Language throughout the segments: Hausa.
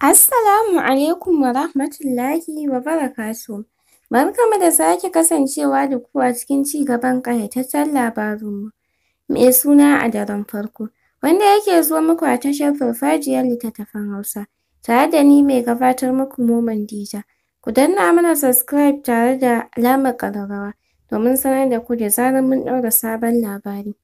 Assalamu alaikum wa rahmatullahi wa barakatu Barkanmu da sake kasancewa da ku a cikin ci gaban ƙayataccen labarinmu Me suna a daren farko wanda yake zo muku a tashar Farfajiyar Littattafan Hausa tare da ni mai gabatar muku Maman Dija. Ku danna mana subscribe tare da alamar ƙararrawa domin sanar da ku da zarar mun ɗaura sabon labari.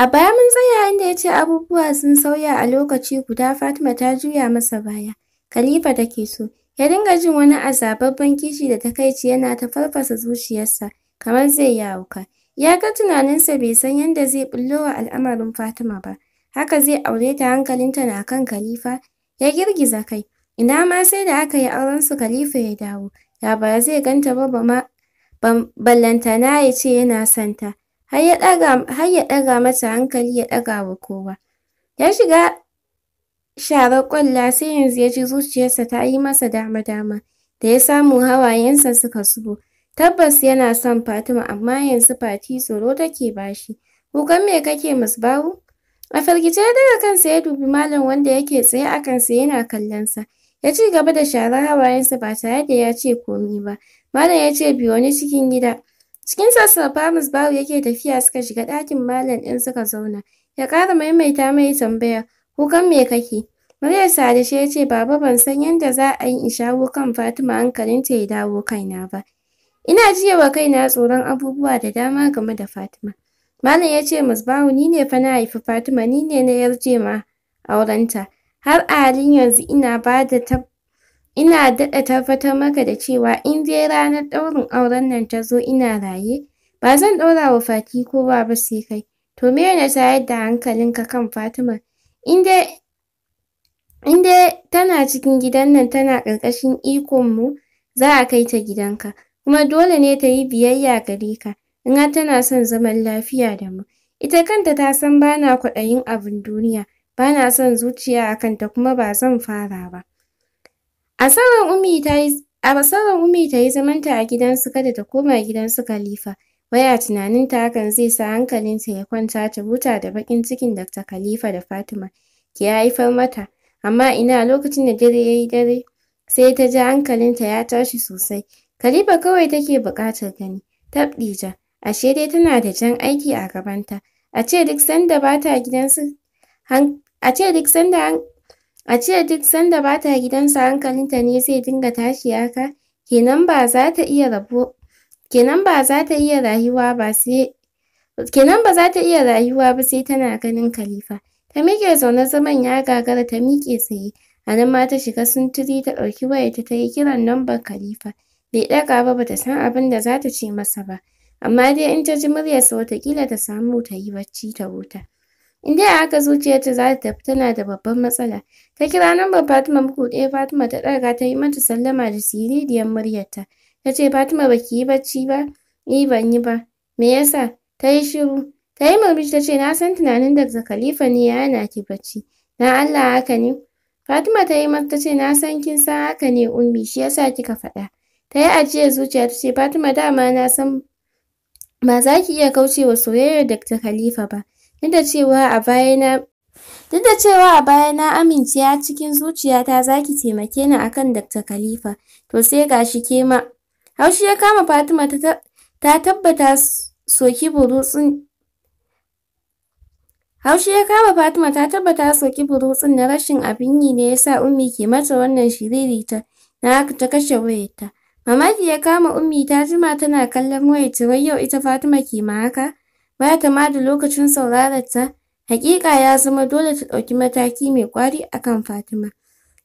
A baya mun tsaya inda ya ce abubuwa sun sauya a lokaci guda Fatima ta juya masa baya, Khalifa ke so. Ya dinga jin wani azababben kishi da ta takaici yana ta farfasa zuciyarsa kamar zai yi auka. Ya ga tunaninsa bai san yadda zai bullo wa al'amarin Fatima ba. Haka zai aure ta hankalinta na kan Khalifa. Ya girgiza kai. Ina ma sai da aka yi auren su Khalifa ya dawo. ya ba zai ganta ba ba ma ballantana ya ce yana santa har ya ɗaga mata hankali ya ɗaga wa kowa. Ya shiga sharar ƙwalla sai yanzu ya ji zuciyarsa ta yi masa dama-dama da ya samu hawayensa suka zubo. Tabbas yana son Fatima amma yanzu Fati tsoro take bashi. Kukan me kake masu musbahu? A firgice ya daga kansa ya dubi malam wanda yake tsaye a kansa yana kallonsa. Ya ci gaba da sharar hawayensa ba tare da ya ce komi ba. Malam ya ce biyo ni cikin gida. Cikin sassafa Misbahu yake tafiya suka shiga ɗakin malam ɗin suka zauna. Ya ƙara maimaita mai tambaya kukan me kake? Muryar Sadisha ya ce, Baba ban san yadda za a yi in shawo kan Fatima hankalinta ya dawo kaina ba. Ina jiya wa kaina tsoron abubuwa da dama game da Fatima. Malam ya ce, Misbahu ni ne fa na haifi Fatima, ni ne na yarje ma aurenta. Har a halin yanzu ina ba da tab Ina daɗa tabbatar maka da cewa in dai ranar ɗaurin auren nan ta zo ina raye, ba zan ɗaura wa Fati ko ba sai kai. To me na tayar da hankalinka kan Fatima? In dai in dai tana cikin gidan nan tana ƙarƙashin mu za a kai ta gidanka. Kuma dole ne ta yi biyayya gare ka, in har tana son zaman lafiya da mu. Ita kanta ta san bana kwaɗayin abin duniya, bana son zuciya a kanta kuma ba zan fara ba. A basarar Ummi ta yi zamanta a gidan su kada ta koma gidan su Khalifa, waya tunanin ta hakan zai sa hankalinta ya kwanta ta huta da bakin cikin Dr. Khalifa da Fatima ki haifar mata. Amma ina lokacin da dare ya yi dare, sai ta ji hankalinta ya tashi sosai. Khalifa kawai take buƙatar gani, ja ashe dai tana da jan aiki a gabanta. A ce duk sanda ba ta su. a ce duk sanda A ce duk sanda ba ta gidansa hankalinta ne zai dinga tashi haka? Kenan ba za ta iya rayuwa ba sai kenan ba za iya rayuwa ba sai tana ganin Khalifa. Ta miƙe zaune zaman ya gagara ta miƙe tsaye. A nan ma ta shiga sintiri ta ɗauki wayarta ta yi kiran lambar Khalifa. Bai ɗaga ba bata san abin da za ta ce masa ba. Amma dai in ta ji muryarsa wataƙila ta samu ta yi bacci ta huta. in dai a haka zuciyarta za ta tafi tana da babban matsala ta kira lambar Fatima muku ɗaya Fatima ta ɗaga ta yi mata sallama da siririyar muryarta ta ce Fatima baki yi bacci ba ni ban yi ba me yasa ta yi shiru ta yi murmushi ta ce na san tunanin da Khalifa ne ya hana ki bacci na Allah haka ne Fatima ta yi mata ta ce na san kin san haka ne ummi shi yasa kika faɗa ta yi ajiyar zuciya ta ce Fatima dama na san ba za ki iya kaucewa soyayyar Dr. Khalifa ba Duk da cewa a baya na Duk amince a cikin zuciyata zaki ki taimake ni akan Dr. Khalifa, to sai gashi ke ma. Haushi ya kama Fatima ta tabbata soki burutsun Haushi ya kama Fatima ta tabbata soki burutsun na rashin abin yi ne yasa Ummi ke mata wannan shiririta na haka ta kashe wayarta. Mamaki ya kama Ummi ta jima tana kallon wayarta wai yau ita Fatima ke ma haka. baya kama da lokacin ta. Hakika ya zama dole ta ɗauki mataki mai kwari akan Fatima.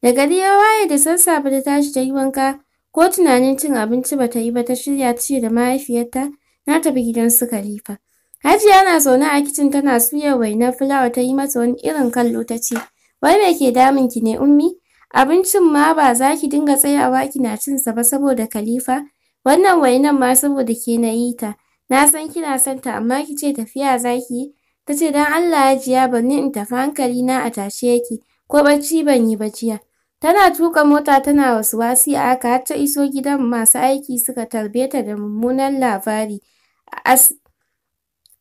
Da gari ya waye da sassafe ta tashi ta yi wanka ko tunanin cin abinci bata yi ba ta shirya ta da mahaifiyarta na tafi gidan su Khalifa. Hajiya na zaune a kicin tana suya wainar fulawa ta yi mata wani irin kallo ta ce wai me ke damun ki ne ummi? Abincin ma ba za ki dinga tsayawa kina cin sa ba saboda Khalifa? Wannan wainan ma saboda ke na yi ta. Na san kina son ta amma kice tafiya za ki yi. Ta ce don Allah jiya, bari in tafi hankali na a tashe yake ko bacci ban yi ba jiya. Tana tuka mota tana wasu wasi a haka har ta iso gidan masu aiki suka tarbe ta da mummunan labari a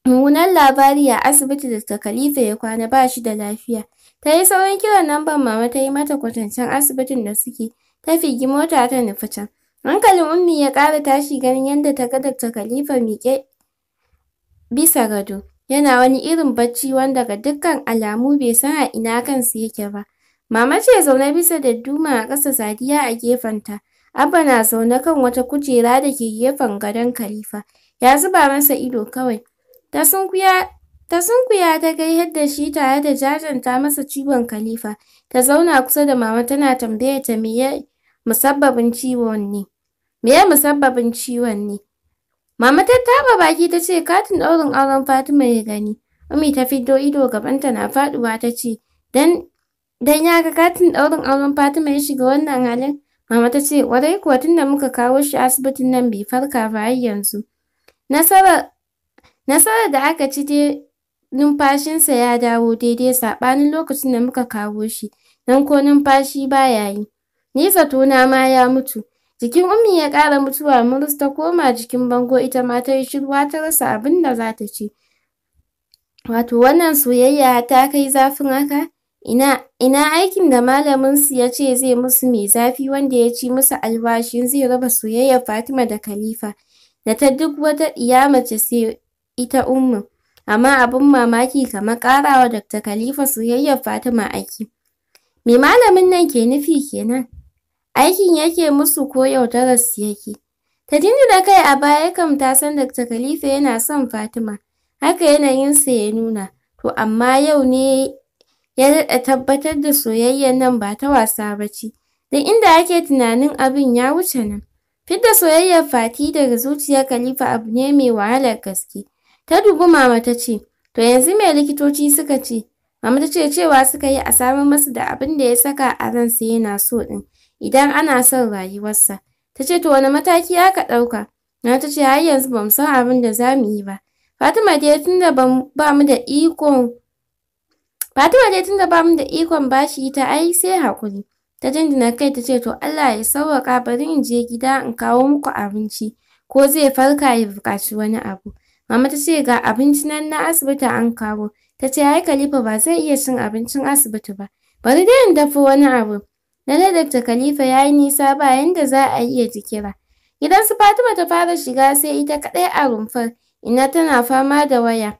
mummunan labari a asibiti ta Khalifa ya kwana ba shi da lafiya. Ta yi sauran kiran lambar mama ta yi mata kwatancen asibitin da suke, ta figi mota ta nufi can. Hankalin Ummi ya ƙara tashi ganin yadda ta ga Dr. Khalifa miƙe bisa gado. Yana wani irin bacci wanda ga dukkan alamu bai san a ina kansa yake ba. Mama ce zaune bisa da duma a ƙasa Sadiya a gefen ta. Abba na zaune kan wata kujera da ke gefen gadon Khalifa. Ya zuba masa ido kawai. Ta sunkuya Ta sunkuya ta ga yadda shi tare da jajanta masa ciwon Khalifa. Ta zauna kusa da mama tana tambayar ta me ya musabbabin ciwon ne. me ya musabbabin ciwon ne? Mama ta taba baki ta ce katin daurin auren Fatima ya gani. Ummi ta fiddo ido gabanta na faɗuwa ta ce dan dan ya ga katin daurin auren Fatima ya shiga wannan halin. Mama ta ce Wadai kuwa tunda muka kawo shi asibitin nan bai farka ba har yanzu. Nasarar nasara da aka ci dai numfashinsa ya dawo daidai saɓanin lokacin da muka kawo shi dan ko numfashi ba ya yi. Ni tona ma ya mutu. Jikin Ummi ya ƙara mutuwa murus ta koma jikin bango ita ma ta yi shirwa ta rasa abin da za ta ce. Wato wannan soyayya ta kai zafin haka? Ina aikin da malaminsu ya ce zai musu mai zafi wanda ya ci musu alwashin zai raba soyayyar Fatima da Khalifa da ta duk wata iya mace sai ita ummi. Amma abin mamaki kamar ƙarawa Dr. Khalifa soyayyar Fatima aiki Me malamin nan ke nufi kenan? Aikin yake musu ko yaudararsu yake? Ta da kai a baya kam ta san Dr. Khalifa yana son Fatima, haka yanayinsa ya nuna, to amma yau ne ya daɗa tabbatar da soyayyar nan ba ta wasa ba ce, da inda ake tunanin abin ya wuce nan. Fidda soyayyar Fati daga zuciyar Khalifa abu ne mai wahalar gaske. Ta dubi mama ta ce, to yanzu mai likitoci suka ce? Mama ta ce cewa suka yi a samar masu da abin da ya saka a ransa yana so ɗin. idan ana son rayuwarsa. Ta ce to wani mataki aka ɗauka? na ta ce har yanzu bamu san abin da za mu yi ba. Fatima dai da ba mu da ikon Fatima dai da ba mu da ikon bashi ta ai sai hakuri Ta jinjina kai ta ce to Allah ya sauwaƙa bari in je gida in kawo muku abinci ko zai farka ya buƙaci wani abu. Mama ta ce ga abinci nan na asibiti an kawo. Ta ce ai Khalifa ba zai iya cin abincin asibiti ba. Bari dai in dafa wani abu. Lalle Dr. Khalifa ya yi nisa ba yanda za a iya jikira. kira. Gidan su Fatima ta fara shiga sai ita kaɗai a rumfar, ina tana fama da waya.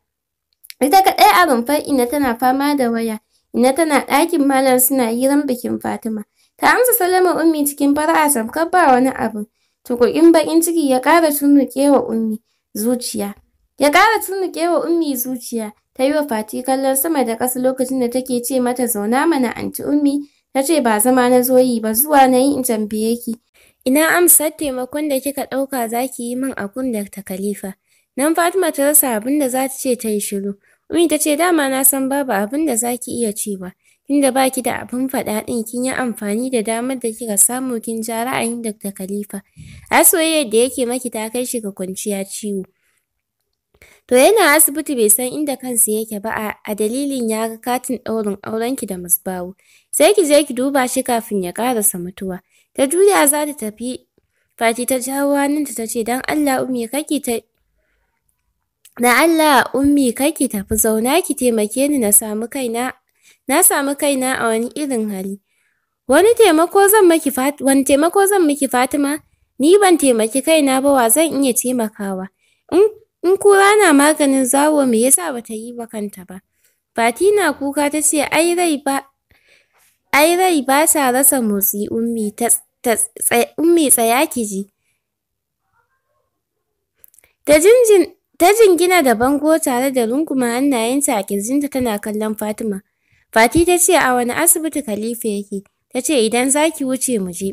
Ita kaɗai a rumfar ina tana fama da waya. Ina tana ɗakin malam suna hiran bikin Fatima. Ta amsa salama Ummi cikin fara'a samkar ba wani abu. Tuƙuƙin baƙin ciki ya ƙara tunnuƙe wa Ummi zuciya. Ya ƙara tunnuƙe wa Ummi zuciya. Ta yi wa Fati kallon sama da ƙasa lokacin da take ce mata zauna mana anti Ummi Na ce ba zama na zo yi ba zuwa na yi in tambaye ki. Ina amsar taimakon da kika ɗauka za ki yi min a da ta kalifa? Nan Fatima ta rasa abin da za ta ce ta yi shiru. Umi ta ce dama na san babu abin da za ki iya cewa. Tunda ba ki da abin faɗa ɗin kin yi amfani da damar da kika samu kin ja ra'ayin ta kalifa. A soyayyar da yake maki ta kai shi ga kwanciya ciwo. To yana asibiti bai san inda kansa yake ba a dalilin ya ga katin ɗaurin aurenki da Musbahu. Sai ki je ki duba shi kafin ya ƙarasa mutuwa. Ta juya za ta tafi. Fati ta jawo hannunta ta ce don Allah ummi kake ta Na Allah ummi kake tafi zauna ki taimake ni na samu kaina na samu kaina a wani irin hali. Wani taimako zan miki fati wani taimako zan miki Fatima? Ni ban taimaki kaina ba wa zan iya taimakawa. In In kura na maganin zawo me yasa bata yi wa kanta ba? Fati na kuka ta ce ai rai ba ai rai ba ta rasa motsi ummi ta ummi tsaya ki ji. Ta jinjin ta jingina da bango tare da runguma hannayenta a kirjinta tana kallon Fatima. Fati ta ce a wani asibiti Khalifa yake? Ta ce idan zaki wuce mu je.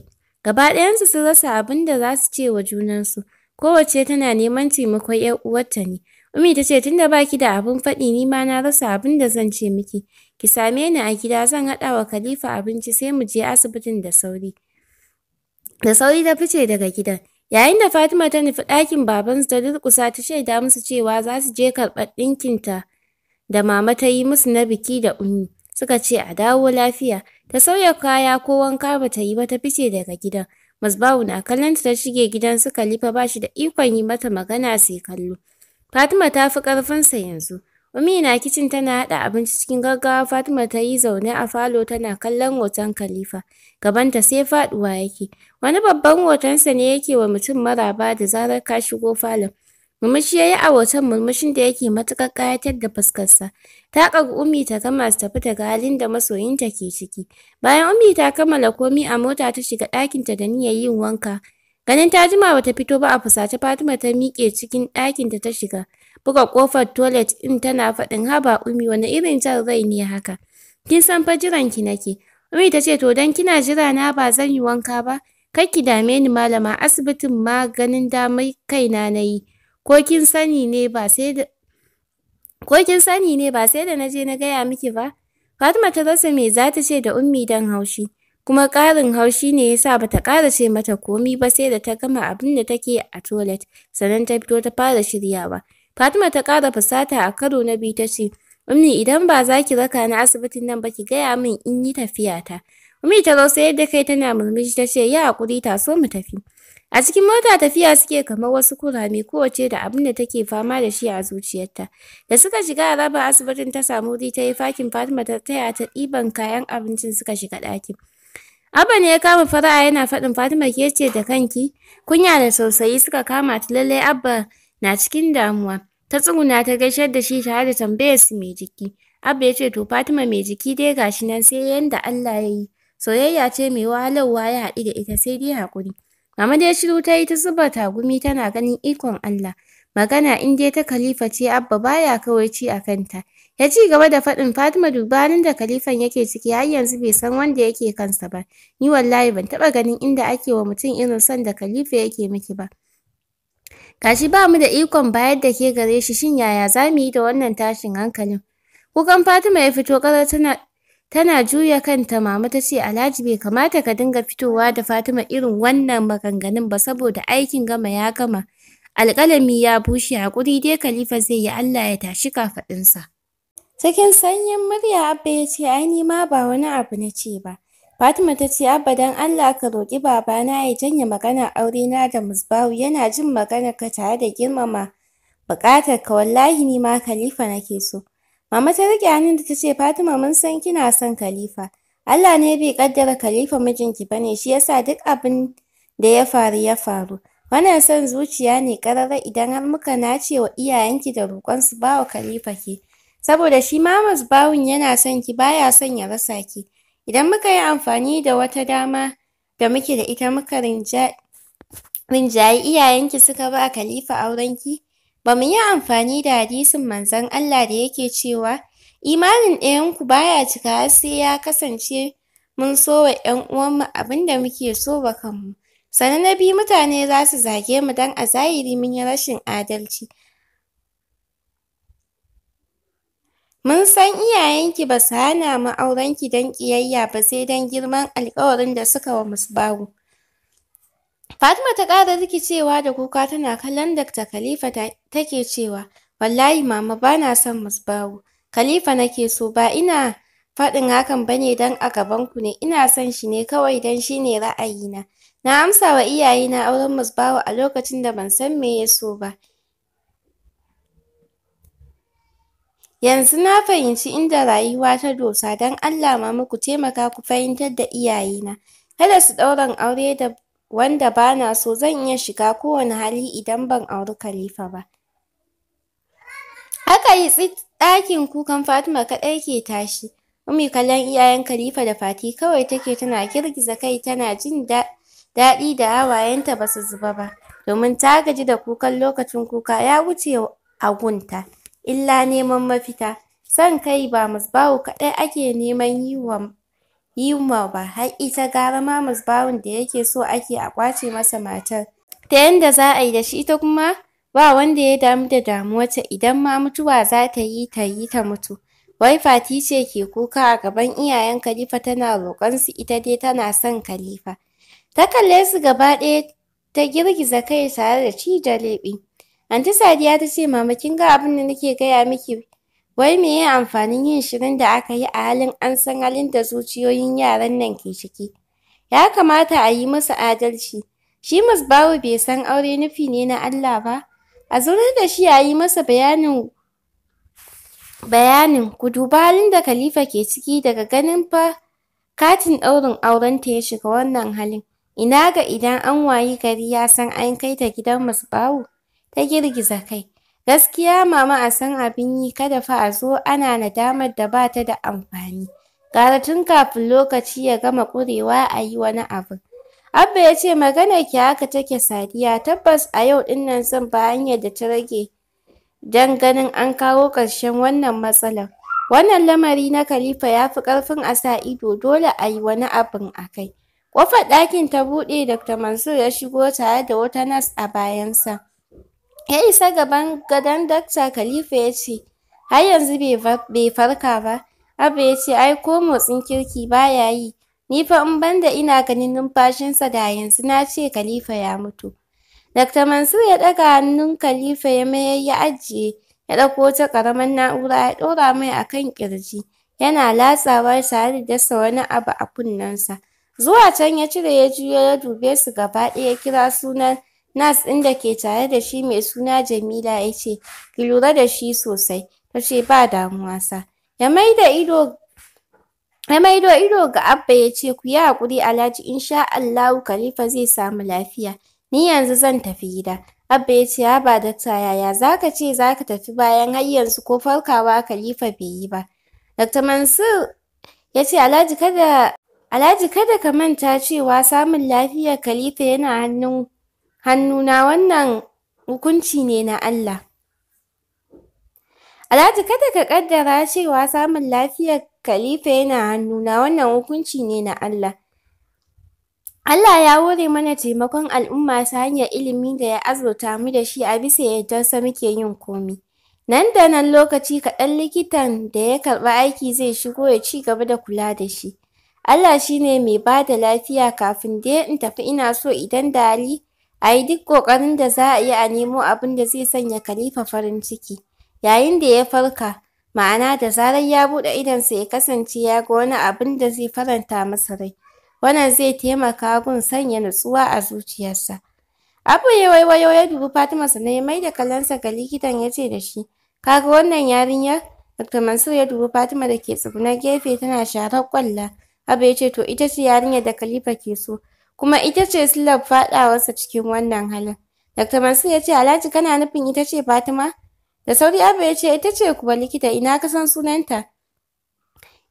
Gaba ɗayansu sun rasa abin da za su ce wa junansu. Kowacce tana neman taimakon 'yar uwarta ne. Ummi ta ce tunda baki da abin faɗi nima na rasa abin da zan ce miki. Ki same ni a gida zan haɗa wa Khalifa abinci sai mu je asibitin da sauri. Da sauri ta fice daga gidan. Yayin da Fatima ta nufi ɗakin babansu ta durƙusa ta shaida musu cewa za su je karɓar ɗinkinta da mama ta yi musu na biki da ummi. Suka ce a dawo lafiya. Ta sauya kaya ko wanka ba ta yi ba ta fice daga gidan. masba'u na kallon ta shige gidan su Khalifa ba shi da ikon yi mata magana sai kallo. Fatima ta fi ƙarfinsa yanzu. Umi na kicin tana haɗa abinci cikin gaggawa Fatima ta yi zaune a falo tana kallon hoton Khalifa. Gabanta sai faɗuwa yake. Wani babban hotonsa ne yake wa mutum maraba da zarar ka shigo falon. Murmushi ya yi a hoton murmushin da yake matuƙar ƙayatar da fuskarsa. Ta ƙagu Ummi ta gama su tafi daga halin da masoyinta ke ciki. Bayan Ummi ta kammala komi a mota ta shiga ɗakinta da niyyar yin wanka. Ganin ta jima bata fito ba a fusace Fatima ta miƙe cikin ɗakinta ta shiga. Buga ƙofar toilet ɗin tana faɗin haba Ummi wani irin jan rai ne haka. Kin san fa jiran ki nake. Ummi ta ce to dan kina jira na ba zan yi wanka ba. Kar ki dame ni malama asibitin maganin damar kaina na yi. ko kin sani ne ba sai da na je na gaya miki ba Fatima ta rasa me za ta ce da ummi dan haushi kuma ƙarin haushi ne ya sa bata ƙara ce mata komi ba sai da ta gama abin da take a toilet sannan ta fito ta fara shiryawa Fatima ta ƙara fusata a karo na biyu ta ce ummi idan ba za ki raka ni asibitin nan ba ki gaya min in yi tafiya ta ummi ta rasa yadda kai tana murmushi ta ce yi haƙuri taso mu tafi A cikin mota tafiya suke kamar wasu kurame kowacce da abin da take fama da shi a zuciyarta. Da suka shiga raba asibitin ta samu wuri ta yi fakin Fatima ta taya ta ɗiban kayan abincin suka shiga ɗakin. Abba ne ya kama fara'a yana faɗin Fatima ke ce da kanki. Kunya da tausayi suka kama ta lallai Abba na cikin damuwa. Ta tsuguna ta gaishe da shi tare da tambayar su mai jiki. Abba ya ce to Fatima mai jiki dai gashi nan sai yanda Allah ya yi. Soyayya ce mai wahalarwa ya haɗu da ita sai dai haƙuri. Mama dai shiru ta yi ta zuba tagumi tana ganin ikon Allah. Magana in dai ta Khalifa ce Abba baya kawaici a kanta. Ya ci gaba da faɗin Fatima dubanin da Khalifan yake ciki har yanzu bai san wanda yake kansa ba. Ni wallahi ban taɓa ganin inda ake wa mutum irin son da Khalifa yake miki ba. kashi ba mu da ikon bayar da ke gare shi shin yaya za mu yi da wannan tashin hankalin? Kukan Fatima ya fito ƙarar tana Tana juya kanta mama ta ce Alhaji bai kamata ka dinga fitowa da Fatima irin wannan maganganun ba saboda aikin gama ya gama. alkalami ya bushe haƙuri dai Khalifa zai yi Allah ya tashi kafaɗinsa. Cikin sanyin murya Abba ya ce ai nima ma ba wani abu na ce ba. Fatima ta ce Abba don Allah ka roƙi babana ya janye aure na da Musbahu yana jin maganar ka tare da girmama buƙatar ka wallahi ni Khalifa nake so. Mama ta riƙe hannunta ta ce Fatima mun san kina son Khalifa. Allah ne bai ƙaddara Khalifa mijinki bane shi yasa duk abin da ya faru ya faru. Wannan son zuciya ne ƙarara idan har muka nace wa iyayenki da roƙon su ba wa Khalifa ke. Saboda shi ma bawun yana son ki baya son ya rasa ki. Idan muka yi amfani da wata dama da muke da ita muka rinjaye iyayenki suka ba Khalifa aurenki ba mu yi amfani da hadisin manzon Allah da yake cewa imanin ɗayanku baya cika har sai ya kasance mun so wa ‘yan uwanmu abin da muke so wa kanmu. Sannan na bi mutane za su zage mu don a zahiri mun yi rashin adalci. Mun san iyayenki ba su hana mu aurenki don ƙiyayya ba sai don girman alƙawarin da suka wa musu babu Fatima ta ƙara rikicewa da kuka tana kallon Dakta Khalifa take cewa, wallahi mama ba na son Musbahu, Khalifa nake so ba ina faɗin hakan bane don a gabanku ne, ina son shi ne kawai don shi ne ra'ayina. Na amsa wa iyayena auren Musbahu a lokacin da ban san me ya so ba. Yanzu na fahimci inda rayuwa ta dosa don Allah mama ku taimaka ku fahimtar da iyayena. Kada su ɗaurin aure da wanda bana so zan iya shiga kowane hali idan ban auri Khalifa ba. Haka yi tsit ɗakin kukan Fatima kaɗai ke tashi. Ummi kallon iyayen Khalifa da Fati kawai take tana girgiza kai tana jin daɗi da hawayenta ba su zuba ba. Domin ta gaji da kukan lokacin kuka ya wuce a gunta. Illa neman mafita. Son kai ba musbahu kaɗai ake neman yi wa yunwa ba har ita gara ma bawun da yake so ake a ƙwace masa matar ta yanda za a yi da shi ita kuma ba wanda ya damu da damuwarta idan ma mutuwa za ta yi ta yi ta mutu wai Fati ce ke kuka a gaban iyayen Khalifa tana roƙon su ita dai tana son Khalifa ta kalle su gaba ɗaya ta girgiza kai tare da da leɓe anti Sadiya ta ce mama kin ga abin da nake gaya miki Wai me meye amfanin yin shirin da aka yi a halin an san halin da zuciyoyin yaran nan ke ciki? Ya kamata a yi musu adalci. Shi bawu bai san aure nufi ne na Allah ba? A zaunar da shi a yi masa bayanin bayanin ku duba halin da Khalifa ke ciki daga ganin fa katin ɗaurin aurenta ya shiga wannan halin. Ina ga idan an wayi gari ya san an kai ta gidan bawu? Ta girgiza kai. Gaskiya mama a san abin yi kada fa a zo ana nadamar da ba ta da amfani. Gara tun kafin lokaci ya gama ƙurewa a yi wani abu. Abba ya ce magana ki haka take Sadiya tabbas a yau din nan zan ba hanyar da ta rage dan ganin an kawo ƙarshen wannan matsalar. Wannan lamari na Khalifa ya fi ƙarfin a sa ido dole a yi wani abin a kai. Ƙofar ɗakin ta buɗe Dr. Mansur ya shigo tare da wata nas a bayansa. Ya isa gaban gadon Dakta Khalifa ya ce, har yanzu bai farka ba. Abu ya ce, ai ko motsin kirki baya yi. Ni fa in banda ina ganin numfashinsa da yanzu na ce Khalifa ya mutu. Dr. Mansur ya ɗaga hannun Khalifa ya mai ya ajiye, ya ɗauko ta ƙaramar na'ura ya ɗora mai a kan ƙirji, yana latsawa tare da dasa wani abu a kunnensa. Zuwa can ya cire ya juyo ya dube su gaba ɗaya ya kira sunan Nas ɗin da ke tare da shi mai suna Jamila ya ce, ki lura da shi sosai. Ta ce, ba damuwa sa. Ya maida ido ido ga Abba ya ce, ku yi haƙuri Alhaji, insha Allahu Khalifa zai samu lafiya. Ni yanzu zan tafi gida. Abba ya ce, haba dakta yaya za ka ce za ka tafi bayan har yanzu ko farkawa Khalifa bai yi ba. Dr. Mansur ya ce, Alhaji kada ka manta cewa samun lafiyar Khalifa yana hannun hannuna wannan hukunci ne na Allah. Alhaji kada ka kaddara cewa samun lafiyar kalifa yana hannuna wannan hukunci ne na Allah. Allah ya hore mana taimakon al'umma ta hanyar ilimi da ya azurta mu da shi a bisa yardarsa muke yin komi. Nan da nan lokaci kaɗan likitan da ya karɓi aiki zai shigo ya ci gaba da kula da shi. Allah shi ne mai ba da lafiya kafin dai in tafi ina so idan da a yi duk ƙoƙarin da za a yi a nemo abin da zai sanya Khalifa farin ciki. Yayin da ya farka, ma'ana da zarar ya buɗe idonsa ya kasance ya ga wani abin da zai faranta masa rai. Wannan zai taimaka gun sanya nutsuwa a zuciyarsa. Abu ya waiwayo ya dubi Fatima sannan ya da kallonsa ga likitan ya ce da shi, ka ga wannan yarinyar? Dr. Mansur ya dubi Fatima da ke tsugunar gefe tana sharar ƙwalla. Abu ya ce to ita ce yarinyar da Khalifa ke so. kuma ita ce sillar faɗawarsa cikin wannan halin. Dr. Mansur ya ce Alhaji kana nufin ita ce Fatima? Da sauri Abba ya ce ita ce kuma likita ina ka san sunanta?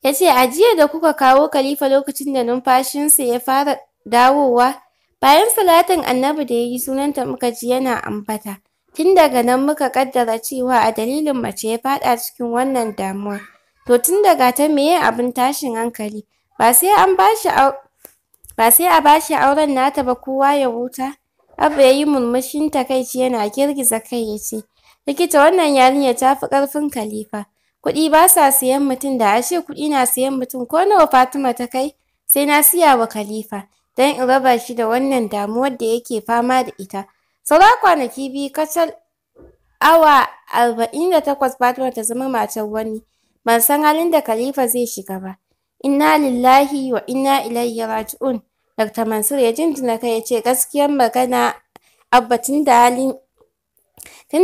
Ya ce a jiya da kuka kawo Khalifa lokacin da numfashinsa ya fara dawowa bayan salatin annabi da ya yi sunanta muka ji yana ambata. Tun daga nan muka kaddara cewa a dalilin mace ya faɗa cikin wannan damuwa. To tun daga ta meye abin tashin hankali? Ba sai an ba bashi ba sai a bashi auren nata ba kowa ya huta Abba ya yi murmushin takaici yana girgiza kai ya Likita wannan yarinyar ta fi ƙarfin Khalifa. Kuɗi ba sa siyan mutum da ashe kuɗi na siyan mutum ko nawa Fatima ta kai sai na siya wa kalifa Dan in raba shi da wannan damuwar da yake fama da ita. Saura kwanaki biyu kacal awa arba'in da takwas Fatima ta zama matar wani. Ban san halin da kalifa zai shiga ba. Inna lillahi wa inna ilaihi raji'un. Dr. Mansur ya jinjina kai ya ce gaskiyar magana Abba tun da halin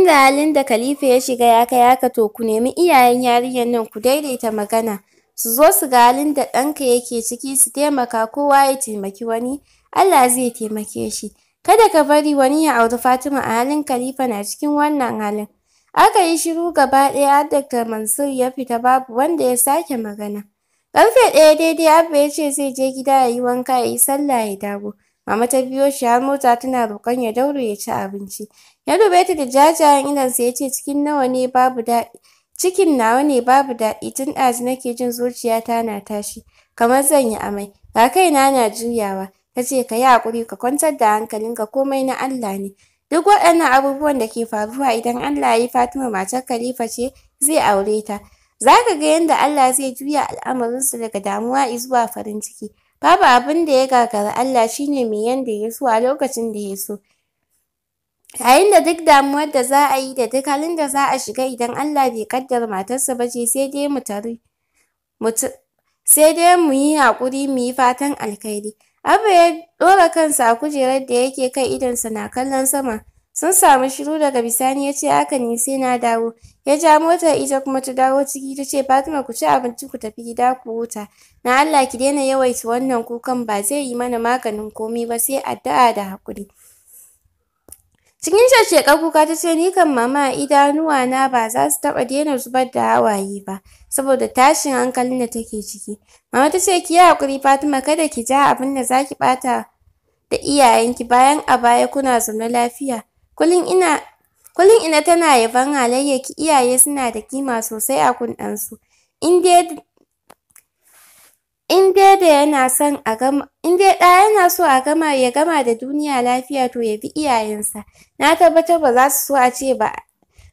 da halin Khalifa ya shiga ya kai haka to ku nemi iyayen yarinyar nan ku daidaita magana su zo su ga halin da ɗanka yake ciki su taimaka kowa ya taimaki wani Allah zai taimake shi kada ka bari wani ya auri Fatima a halin Khalifa na cikin wannan halin aka yi shiru gaba ɗaya Dr. Mansur ya fita babu wanda ya sake magana Ƙarfe ɗaya daidai Abba ya ce zai je gida ya yi wanka ya yi sallah ya dawo. Mama ta biyo shi har mota tana roƙon ya daure ya ci abinci. Ya dube ta da jajayen idonsa ya ce cikin nawa ne babu daɗi. Cikin nawa ne babu daɗi tun ɗazu nake jin zuciyata na tashi kamar zan yi amai. Ga kaina na juyawa. Ta ce ka yi haƙuri ka kwantar da hankalin ka komai na Allah ne. Duk waɗannan abubuwan da ke faruwa idan Allah ya yi Fatima matar Khalifa ce zai aure ta. za ka ga yadda Allah zai juya al'amarinsu daga damuwa zuwa farin ciki. Babu abin da ya gagari Allah shi ne mai yanda ya so a lokacin da ya so. Yayin da duk damuwar da za a yi da duk halin da za a shiga idan Allah bai kaddara matarsa ba ce sai dai mu tari sai dai mu yi haƙuri mu yi fatan alkhairi. Abba ya ɗora kansa a kujerar da yake kai idonsa na kallon sama. Sun samu shiru daga bisani ya ce hakan ne sai na dawo. Ya ja mota ita kuma ta dawo ciki ta ce Fatima ku ci abinci ku tafi gida ku huta. Na Allah ki daina yawaita wannan kukan ba zai yi mana maganin komai ba sai addu'a da hakuri Cikin shashshekar kuka ta ce ni kan mama idanuwa na ba za su taɓa daina zubar da hawaye ba saboda tashin hankalin da take ciki. Mama ta ce ki yi haƙuri Fatima kada ki ja abin da za ki ɓata da iyayenki bayan a baya kuna zaune lafiya. Kullum ina kullum ina tana yabon halayyarki iyaye suna da kima sosai a gun ɗansu. In dai in dai yana son a gama in dai ɗa yana so a gama ya gama da duniya lafiya to ya bi iyayensa. Na tabbatar ba za su so a ce ba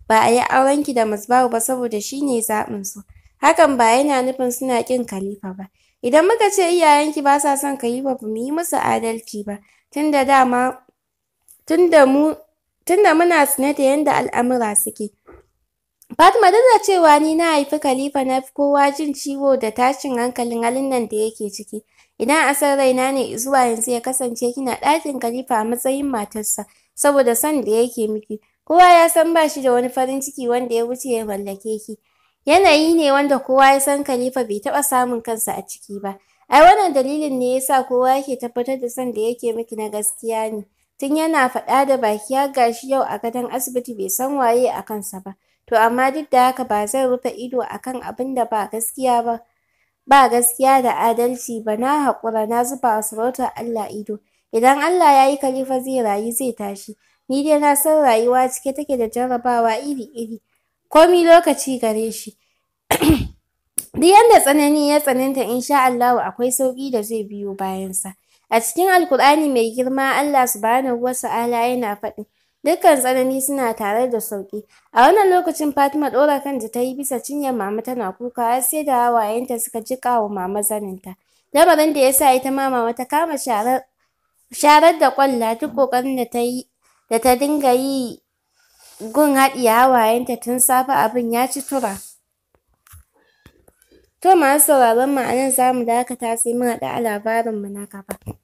ba a yi aurenki da Musbahu ba saboda shi ne zaɓinsu. Hakan ba yana nufin suna ƙin Khalifa ba. Idan muka ce iyayenki ba sa son Khalifa ba mu yi musu adalci ba, tunda dama tunda mu tunda muna sane da yanda al'amura suke. Fatima duk da cewa ni na haifi Khalifa na fi kowa jin ciwo da tashin hankalin halin nan da yake ciki. Idan a san raina ne zuwa yanzu ya kasance kina ɗakin Khalifa a matsayin matarsa saboda son da yake miki. Kowa ya san ba shi da wani farin ciki wanda ya wuce ya mallake ki. Yanayi ne wanda kowa ya san Khalifa bai taɓa samun kansa a ciki ba. Ai wannan dalilin ne yasa kowa yake tabbatar da son da yake miki na gaskiya ne. Tun yana faɗa da baki har gashi yau a gadon asibiti bai san waye a kansa ba. To amma duk da haka ba zan rufe ido akan abin da ba gaskiya ba. Ba gaskiya da adalci ba na haƙura na zuba wa sarautar Allah ido. Idan Allah ya yi kalifa zai rayu zai tashi. Ni dai na san rayuwa cike take da jarrabawa iri-iri. Komi lokaci gare shi. Duk yadda tsanani ya tsananta insha Allahu akwai sauƙi da zai biyo bayansa. A cikin alkur'ani mai girma Allah subhanahu wasu Ala yana faɗi dukkan tsanani suna tare da sauƙi. A wannan lokacin Fatima ɗora kanta ta yi bisa cinyar mama tana kuka har sai da hawayenta suka jiƙa wa mama zaninta. Lamarin da ya sa ita ma mama ta kama sharar da ƙwalla duk ƙoƙarin da ta yi da ta dinga yi gun haɗiye hawayenta tun safe abin ya ci tura. To masu sauraron mu zamu dakata sai mun haɗa a labarinmu na kafa.